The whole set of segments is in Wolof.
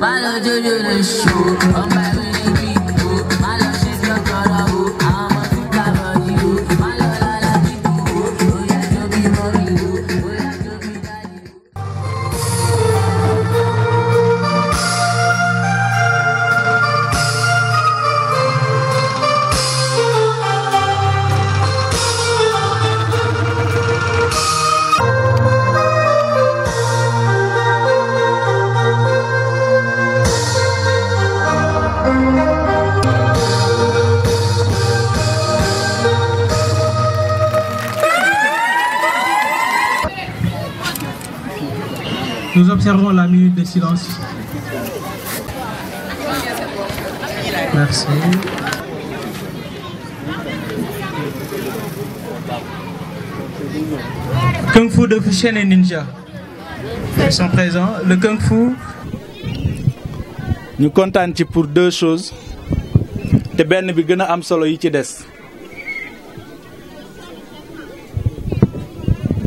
My little dude, do the shoot. Come back with Nous observons la minute de silence. Merci. Kung Fu de Fushen Ninja. Ils sont présents. Le Kung Fu. Nous comptons pour deux choses te ben bi gëna am solo yi ci dess.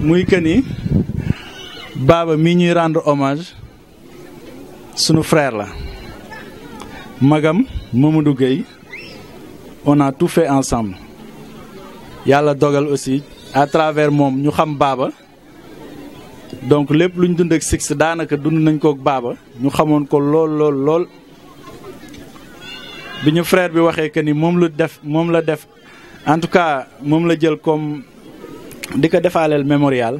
muy que Baba, mi ñuy rendre hommage suñu frère la magam Mamadou Gueye on a tout fait ensemble yalla dogal aussi à travers mom ñu xam Baba. donc lepp luñ dund ak Six daanaka dund nañ ko ak baba ñu xamone ko lol lol. lol biñu frère bi waxé que ni mom lu def mom la def en tout cas mom la jël comme diko défalel mémorial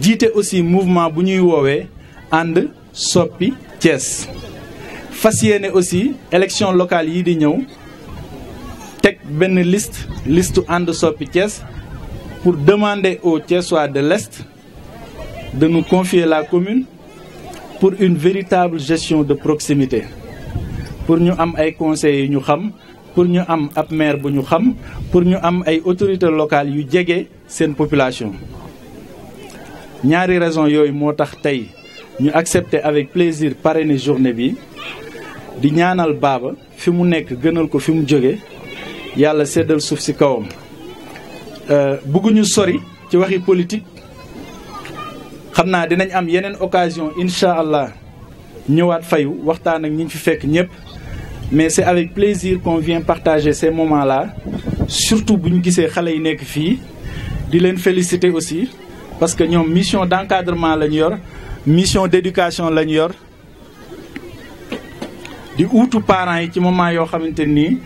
jiite aussi mouvement bu ñuy woowee ànd soppi Thiès fas aussi élection locale yi di ñëw teg benn liste liste ànd soppi pour demander aux Thiessois de l'Est de nous confier la commune pour une véritable gestion de proximité pour ñu am ay conseils yu ñu xam pour ñu am ab maire bu ñu xam pour ñu am ay autorités locales yu jege seen population ñaari raison yooyu moo tax tey ñu accepté avec plaisir parrainer journée bi di ñaanal baaba fi mu nekk gënal ko fi mu jóge yàlla seddal suuf si kawam euh, bëgguñu sori ci waxi politique xam naa dinañ am yeneen occasion incha allah ñëwaat fayu waxtaan ak ñi fi fekk ñëpp mais c'est avec plaisir qu'on vient partager ces moments là surtout bu ñu gisee xale yi nekk fii di leen féliciter aussi parce que nous mission une mission d'encadrement, une mission d'éducation. éducation la yor di outu parents yi ci moment yo xamanteni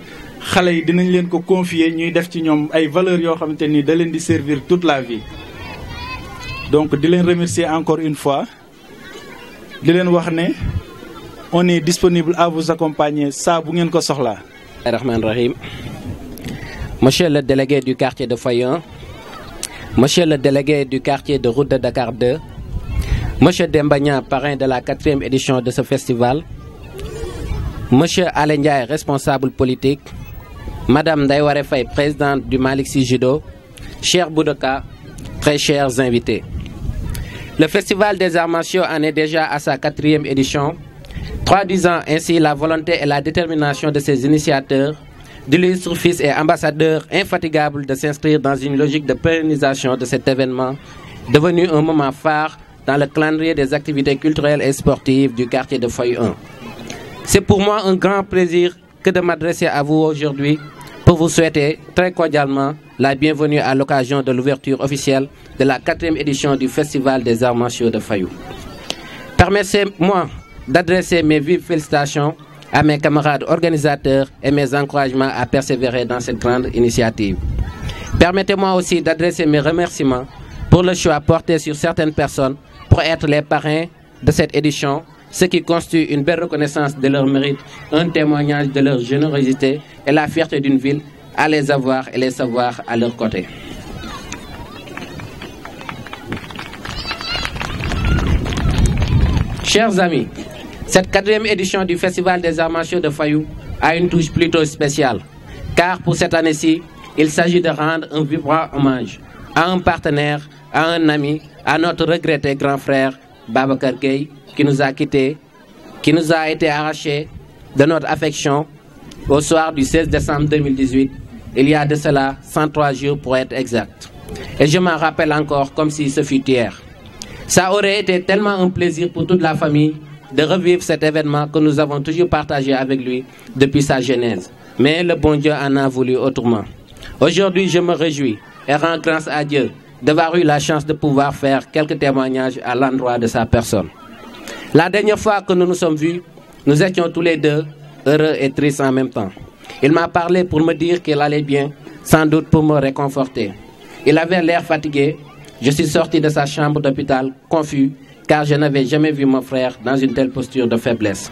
xalé yi dinañ leen ko confier ñuy def ci ñom ay valeurs yo xamanteni da leen di servir toute la vie donc di leen remercier encore une fois di leen wax ne on est disponible à vous accompagner Ça, bu ngeen ko soxlaa. rahman rahim monsieur le délégué du quartier de Fayon, Monsieur le délégué du quartier de route de Dakar 2, Monsieur Dembagnan, parrain de la quatrième édition de ce festival, Monsieur Alendiaï, responsable politique, Madame Daiware présidente du Malixi Judo, cher Boudoka, très chers invités. Le Festival des Arts en est déjà à sa quatrième édition, traduisant ainsi la volonté et la détermination de ses initiateurs D'illustre fils et ambassadeur infatigable de s'inscrire dans une logique de pérennisation de cet événement, devenu un moment phare dans le calendrier des activités culturelles et sportives du quartier de Fayou. 1. C'est pour moi un grand plaisir que de m'adresser à vous aujourd'hui pour vous souhaiter très cordialement la bienvenue à l'occasion de l'ouverture officielle de la quatrième édition du Festival des Arts Martiaux de Fayou. Permettez-moi d'adresser mes vives félicitations à mes camarades organisateurs et mes encouragements à persévérer dans cette grande initiative. Permettez-moi aussi d'adresser mes remerciements pour le choix porté sur certaines personnes pour être les parrains de cette édition, ce qui constitue une belle reconnaissance de leur mérite, un témoignage de leur générosité et la fierté d'une ville à les avoir et les savoir à leur côté. Chers amis, cette quatrième édition du Festival des Arts de Fayou a une touche plutôt spéciale, car pour cette année-ci, il s'agit de rendre un vibrant hommage à un partenaire, à un ami, à notre regretté grand frère, Baba Gueye, qui nous a quittés, qui nous a été arraché de notre affection au soir du 16 décembre 2018, il y a de cela 103 jours pour être exact. Et je m'en rappelle encore comme si ce fut hier. Ça aurait été tellement un plaisir pour toute la famille de revivre cet événement que nous avons toujours partagé avec lui depuis sa genèse. Mais le bon Dieu en a voulu autrement. Aujourd'hui, je me réjouis et rends grâce à Dieu d'avoir eu la chance de pouvoir faire quelques témoignages à l'endroit de sa personne. La dernière fois que nous nous sommes vus, nous étions tous les deux heureux et tristes en même temps. Il m'a parlé pour me dire qu'il allait bien, sans doute pour me réconforter. Il avait l'air fatigué. Je suis sorti de sa chambre d'hôpital, confus car je n'avais jamais vu mon frère dans une telle posture de faiblesse.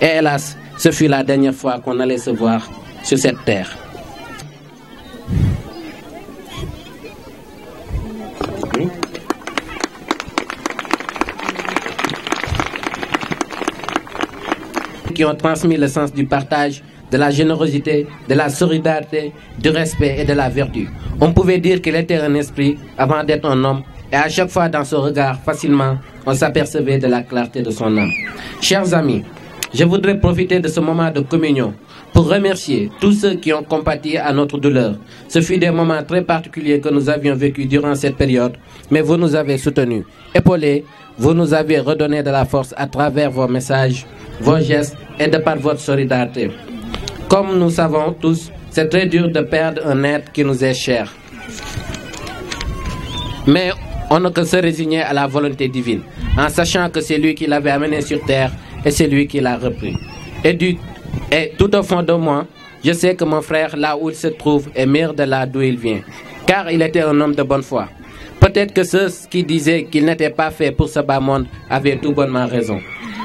Et hélas, ce fut la dernière fois qu'on allait se voir sur cette terre. qui ont transmis le sens du partage, de la générosité, de la solidarité, du respect et de la vertu. On pouvait dire qu'il était un esprit avant d'être un homme et à chaque fois dans ce regard, facilement, on s'apercevait de la clarté de son âme. Chers amis, je voudrais profiter de ce moment de communion pour remercier tous ceux qui ont compati à notre douleur. Ce fut des moments très particuliers que nous avions vécus durant cette période, mais vous nous avez soutenus, épaulés, vous nous avez redonné de la force à travers vos messages, vos gestes et de par votre solidarité. Comme nous savons tous, c'est très dur de perdre un être qui nous est cher. Mais on ne peut se résigner à la volonté divine, en sachant que c'est lui qui l'avait amené sur terre et c'est lui qui l'a repris. Et, du, et tout au fond de moi, je sais que mon frère, là où il se trouve, est meilleur de là d'où il vient, car il était un homme de bonne foi. Peut-être que ceux qui disaient qu'il n'était pas fait pour ce bas monde avaient tout bonnement raison.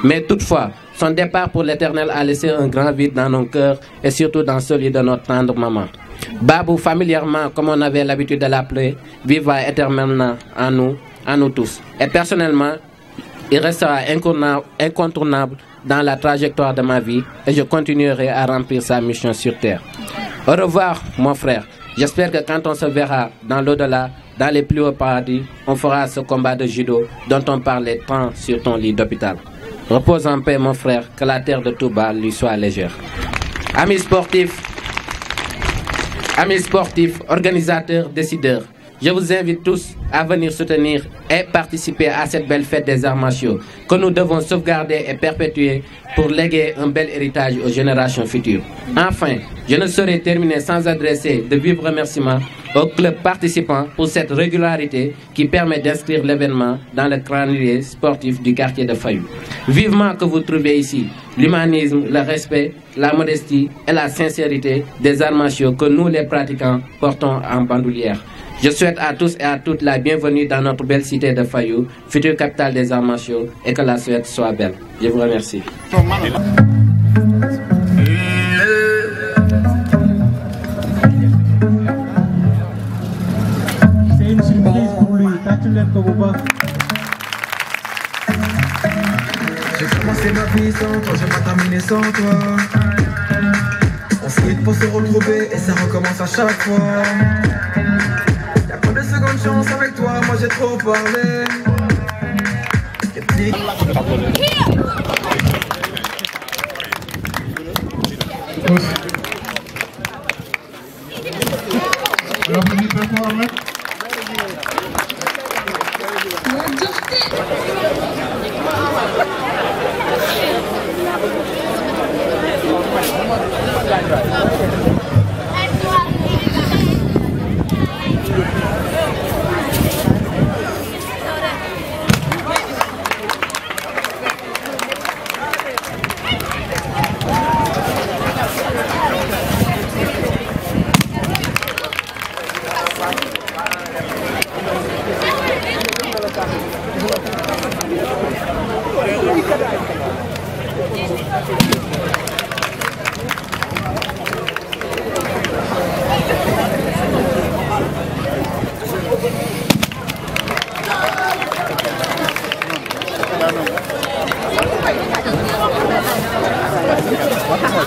Mais toutefois, son départ pour l'éternel a laissé un grand vide dans nos cœurs et surtout dans celui de notre tendre maman. Babou, familièrement, comme on avait l'habitude de l'appeler, vivra éternellement en nous, en nous tous. Et personnellement, il restera incontournable dans la trajectoire de ma vie et je continuerai à remplir sa mission sur Terre. Au revoir, mon frère. J'espère que quand on se verra dans l'au-delà, dans les plus hauts paradis, on fera ce combat de judo dont on parlait tant sur ton lit d'hôpital. Repose en paix, mon frère, que la terre de Touba lui soit légère. Amis sportifs, Amis sportifs, organisateurs, décideurs, je vous invite tous à venir soutenir et participer à cette belle fête des arts martiaux que nous devons sauvegarder et perpétuer pour léguer un bel héritage aux générations futures. Enfin, je ne saurais terminer sans adresser de vifs remerciements aux clubs participants pour cette régularité qui permet d'inscrire l'événement dans le calendrier sportif du quartier de Fayou. Vivement que vous trouvez ici l'humanisme, le respect, la modestie et la sincérité des arts que nous les pratiquants portons en bandoulière. Je souhaite à tous et à toutes la bienvenue dans notre belle cité de Fayou, future capitale des arts et que la Suède soit belle. Je vous remercie. J'ai commencé ma vie sans toi, j'ai pas terminé sans toi. On se quitte pour se retrouver et ça recommence à chaque fois. Y'a pas de seconde chance avec toi, moi j'ai trop parlé.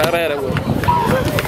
galera, mano.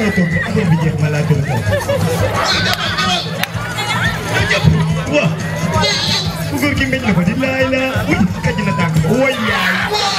mënee tontu affaire bi jeex ma laa gën a kaw. waaw. bu góor gi meññ na ko di laay laa wuy kaj na tànk ba woy yaay.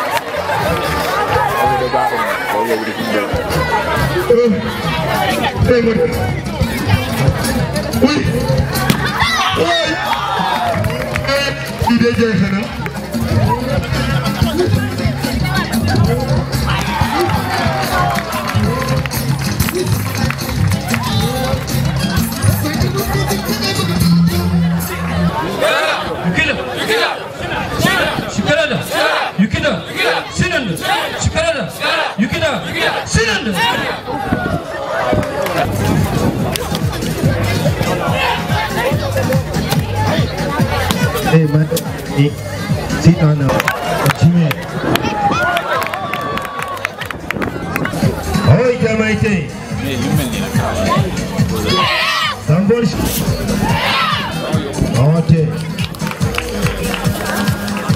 돼 우리 그래 그래 우리 우리 이래야 하나 유쾌다 유 ensinando. Hey, man. Hey. Sit tá, on the Jimmy. Oi, Jamaite. É, Somebody. Okay.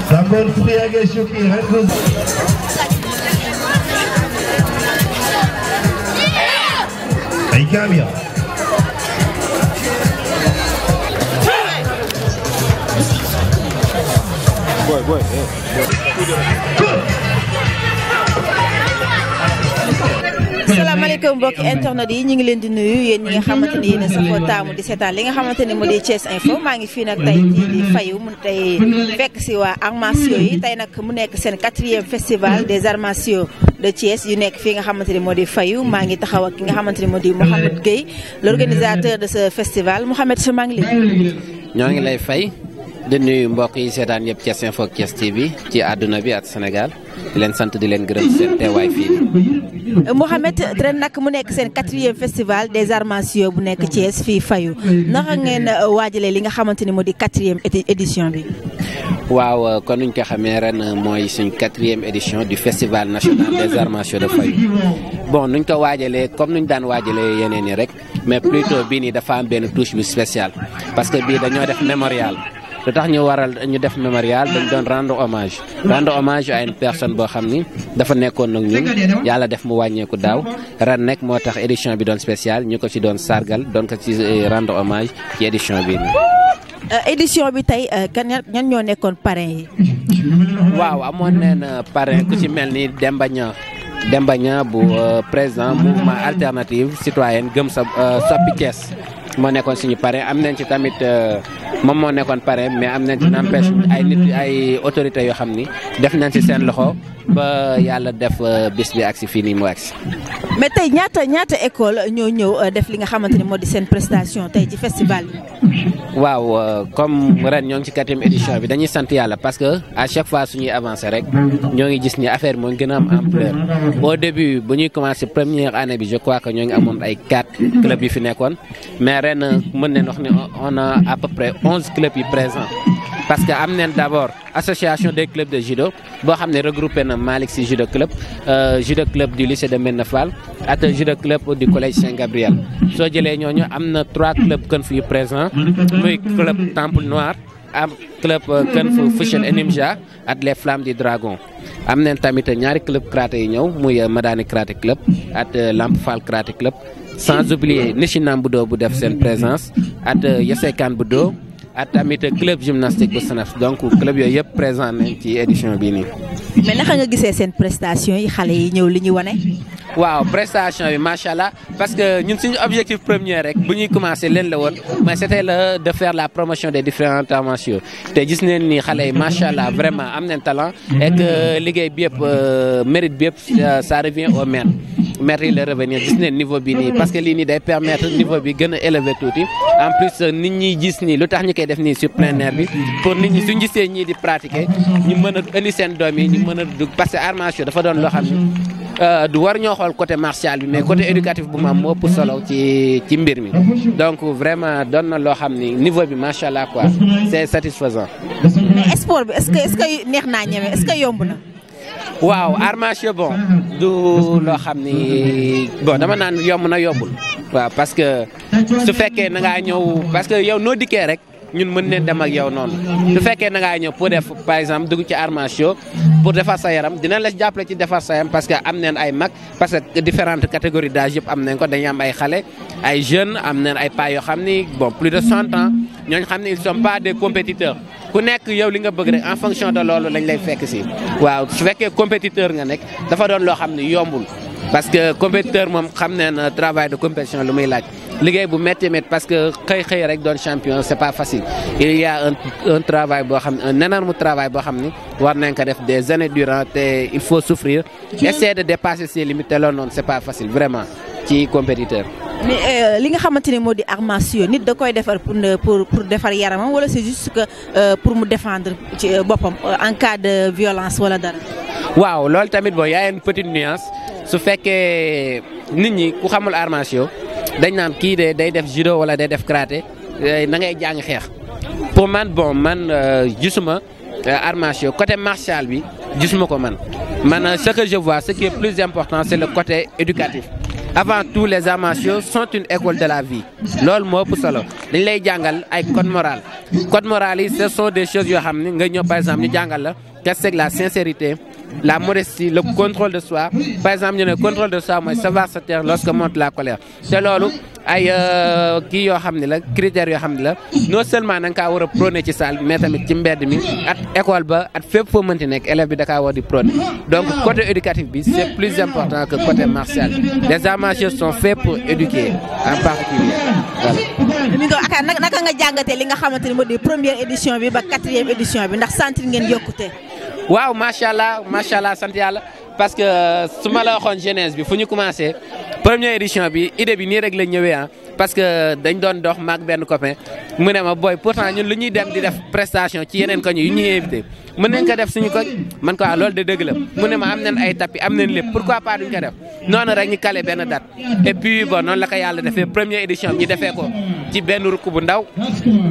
Somebody, please, I guess you can. Gambia. Boy, boy, yeah. boy. asalaamaaleykum mbokki internet yi ñu ngi leen di nuyu yéen ñi nga xamante ni yéen a safoo taamu di seetaan li nga xamante ni mu di Thiès Info maa ngi fii nag tey jii di fayu mu tey fekk si waa arts yi tey nag mu nekk seen quatrième festival des arts martiaux de Thiès yu nekk fii nga xamante ni moo di fayu maa ngi taxaw ak ki nga xamante ni moo di Mouhamed Gueye l'organisateur de ce festival Mouhamed su maa ngi leen ñoo ngi lay fay di nuyu mbokk yi seetaan yëpp Thiès Info Thiès TV ci àdduna bi at Sénégal di leen sant di leen gërëm seen teewaay fii nii. Mouhamed ren nag mu nekk seen quatrième festival des armations martiaux bu nekk Thiès fii fayu naka ngeen euh, waajalee li nga xamante ni moo di quatrième édition bi. waaw kon euh, nuñ ko xamee ren euh, mooy suñ quatrième édition du festival national des armations de Fayu bon nuñ ko waajalee comme nuñ daan waajalee yeneen yi rek mais plutôt bii nii dafa am benn touche bu spéciale parce que bii dañoo def mémorial. lu tax ñu waral ñu def mémorial dañ doon rendre hommage rendre hommage à une personne boo xam ni dafa nekkoon nag ñun yàlla def mu wàññeeku daaw ren nekk moo tax édition bi doon spécial ñu ko ci doon sargal doon ko ci euh, rendre hommage ci édition bii nii. Euh, édition bi tey euh, kan ñan ñoo nekkoon parrain yi. waaw amoon neen parrain ku ci mel ni Demba Niang Demba Niang bu président mouvement alternative citoyenne gëm sa soppi Thiès moo nekkoon suñu parrain am nañ ci tamit. moom moo nekkoon pare mais am nañ ci n'empêche ay nit ay autorités yoo xam ni def nañ ci seen loxo ba yàlla def euh, bis bi ak si fii nii mu agsi mais tey ñaata ñaata école ñoo ñëw euh, def li nga xamante ni moo di seen prestation tey ci festival bi. waaw euh, comme ren ñoo ngi ci quatrième édition bi dañuy sant yàlla parce que à chaque fois suñuy avancer rek ñoo ngi gis ni affaire moo gën a am ampleur au début ba ñuy commencé première année bi je crois que ñoo ngi amoon ay quatre yu fi nekkoon mais ren mën nañ 11 clubs y présents parce que am d'abord association des clubs de judo boo xam regrouper regroupé na judo club euh, judo club du lycée de Medina et le judo club du collège Saint-Gabriel Nous avons ñooñu trois clubs qui présents le club Temple Noir le club euh, Kenfu fu Fushen et les Flammes du Dragon Nous avons tamit ñaari club karaté le ñëw euh, Madani Karate club et Lamp club sans oublier Nishinam le Club bu def présence et Yesekan Yasekan ak tamit club gymnastique bu SNEF donc club yooyu yëpp présent nañ ci édition bii nii. mais naka nga gisee seen prestation yi xale yi ñëw li ñu wane. waaw prestation bi macha allah parce que ñun suñu objectif premier rek bu ñuy commencé leen la woon mais c'était le de faire la promotion des différentes interventions te gis neen ni xale yi macha allah vraiment am nañ talent et que liggéey bi yëpp euh, mérite bi yëpp ça revient au maire mairie le revenir gis ne niveau bi ni parce que lii nii day permettre niveau bi gëna élever touti en plus euh, nit ñi gis ni lutax tax ñu koy def ni sur plein air bi pour nit ñi suñu gisee ñi di pratiquer ñu mëna a sen doomi ñu mëna a parce que armation dafa doon lo xamni euh du war ñoo xol côté martial bi mais côté éducatif bu mu am moo solo ci ci mbir mi donc vraiment don na lo xamni niveau bi machallah quoi c'est satisfaisant. mais sport bi est ce que est ce que neex na ñëwé est ce que yomb na. Wow, armes bon du loo bon dama nan yom na yombul. waaw parce que su fait que ngaa parce que yow no nous rek ñun mën dem ak yow non. su fait que ngaa pour def par exemple dugg ci pour sa yaram dina la ci sa yaram parce que am ay mag parce que différentes catégories d'âge des am ko am ay xalé ay jeunes am ay pas yo bon plus de 100 ans ñoo sont pas des compétiteurs ku nekk yow li nga bëgg rek en fonction de loolu lañ lay fekk si waaw su fekkee compétiteur nga nekk dafa doon loo xam ne yombul parce que compétiteur moom xam ne na travail de compétition lu muy laaj liggéey bu métti met parce que xëy xëy rek doon champion c'est pas facile il y a un un travail boo xam un énorme travail boo xam war nañ ko def des années durant te il faut souffrir essayer de dépasser ses limites te loolu noonu c'est pas facile vraiment ci compétiteur. mais euh, li nga xamanteni modi moo nit da koy defar pour pour pour defar yaramam wala c'est juste que euh, pour me défendre ci euh, boppam en cas de violence wala dara. waaw loolu tamit bon ya a une petite nuance su fekke nit ñi ku xamul arts dañ naan ki de day def judo wala day def karaté eh, na ngay jang xex pour man bon man gisuma arts martiaux côté martial bi gisuma ko man man ce que je vois ce qui est plus important c'est le côté éducatif avant tout les amateurs sont une école de la vie loolu moo solo dañ lay jangal ay code moral code moral ce sont des choses que vous ne nga par exemple ñu jangal la qu'est-ce que la sincérité la modestie, le contrôle de soi. Par exemple, le contrôle de soi, moi, savoir se taire lorsque monte la colère. C'est là ay euh, ki yo xamni la critères yo xamni la non seulement da nga kaa war ci salle mais tamit ci mbedd mi at école ba at fepp fo mënti nekk élève bi da ka war di donc côté éducatif bi c'est plus important que côté martial les arts martiaux sont faits pour éduquer en particulier voilà. mi naka nga jàngatee li nga xamante modi première édition bi ba quatrième édition bi ndax sentir ngeen yokkute. Wow, Mashallah, Mashallah, Santé allah parce que ce malheur en jeunesse il faut nous commencer. première édition bi idée bi nii rek la hein parce que dañ doon dox maag ben copain mu ne ma boy pourtant ñun lu ñuy dem di def prestation ci yeneen ko ñu ñuy invité mën nañ ko def suñu ko man ko lool de dëgg la mu ne ma am nañ ay tapis am nañ lépp pourquoi pas duñ ko def noonu rek ñu calé benn date et puis bon noonu la ko yàlla defee première édition bi ñu defee ko ci benn rukku bu ndaw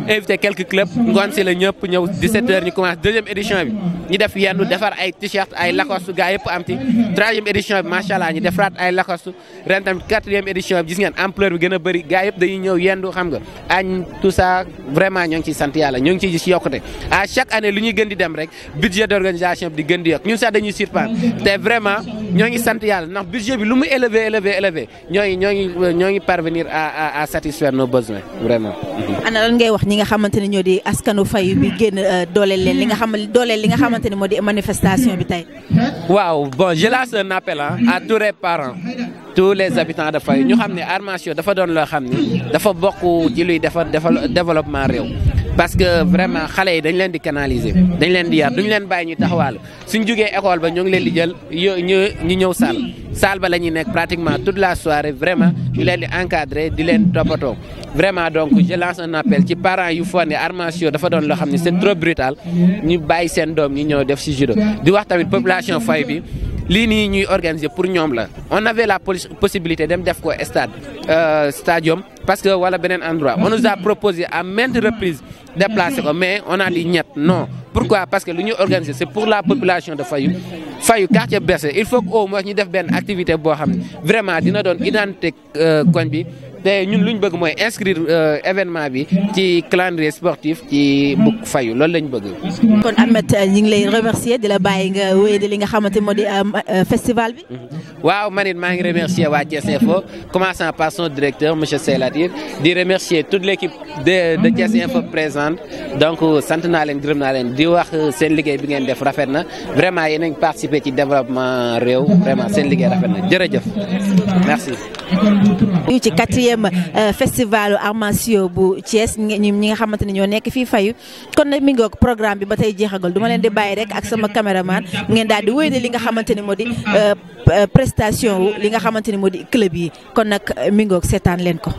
invité quelques clubs ngoon si la ñëpp ñëw 17h ñu commence deuxième édition bi ñu def yenn defar ay t-shirt ay lacoste gars yëpp am ci troisième édition bi macha allah ñu defaraat ay lacoste ren tamit quatrième édition bi gis ngeen ampleur bi gën a bëri gars yëpp dañuy ñëw yendu xam nga a tout ça vraiment ñoo ngi ciy sant yàlla ñoo ngi yokkute à chaque année lu ñuy gën di dem rek budget d'organisation bi di gën yokk ñun sax dañuy surprendre te vraiment ñoo ngi yàlla ndax budget bi lu mu élevé élevé élevé ñoo parvenir à à satisfaire nos vraiment. ana lan ngay wax ñi nga xamante ñoo di askanu fayu bi génn euh, dooleel leen li nga xam dooleel li nga xamante ne moo di manifestation bi tey. waaw bon je lance un appel à tous les tous les habitants de Faye ñu savons que dafa doon développement parce que vraiment les yi des leen di canaliser des leen di yar duñ leen bàyyi ñu taxawaalu suñ école ba ñu ngi salle pratiquement toute la soirée vraiment il est di encadrer di trop vraiment donc je lance un appel les parents yu font dafa c'est trop brutal ñu doom ñëw def ci judo di population Faye bi nous organisée pour nous, on avait la possibilité de faire un stade euh, stadium parce que wala un endroit on nous a proposé à maintes reprises de placer, mais on a dit non pourquoi parce que l'Union organisée, c'est pour la population de Fayou, Fayou, quartier baissé. il faut que au moins ñu def activité pour nous vraiment dina une identité euh, koñ te ñun lu ñu bëgg mooy inscrire euh, événement bi ci calendrier sportif ci beaucoup fayu loolu lañ bëgg. kon Ahmed euh, ñu ngi lay remercier de la bàyyi nga wéy de li nga xamanté modi euh, festival bi. Mhm. waaw man ma ngi remercier waa Thiès Info commençant par son directeur monsieur Seylatir di remercier toute l'équipe de de Thiès Info présente donc sant naa leen gërëm na len di wax seen liguey bi ngeen def rafet na vraiment yéen ngi participer ci développement réew vraiment seen liguey rafet na jërëjëf merci. ñu ci quatrième euh, festival Armansio bu Thiès ñi nga xamante ne ñoo nekk fii fayu kon nag mi programme bi ba tey jeexagal du ma leen di bàyyi rek ak sama caméraman ngeen daal di wéy li nga xamante ne moo di euh, euh, prestation wu li nga xamante ne moo di club yi kon nag mi seetaan leen ko.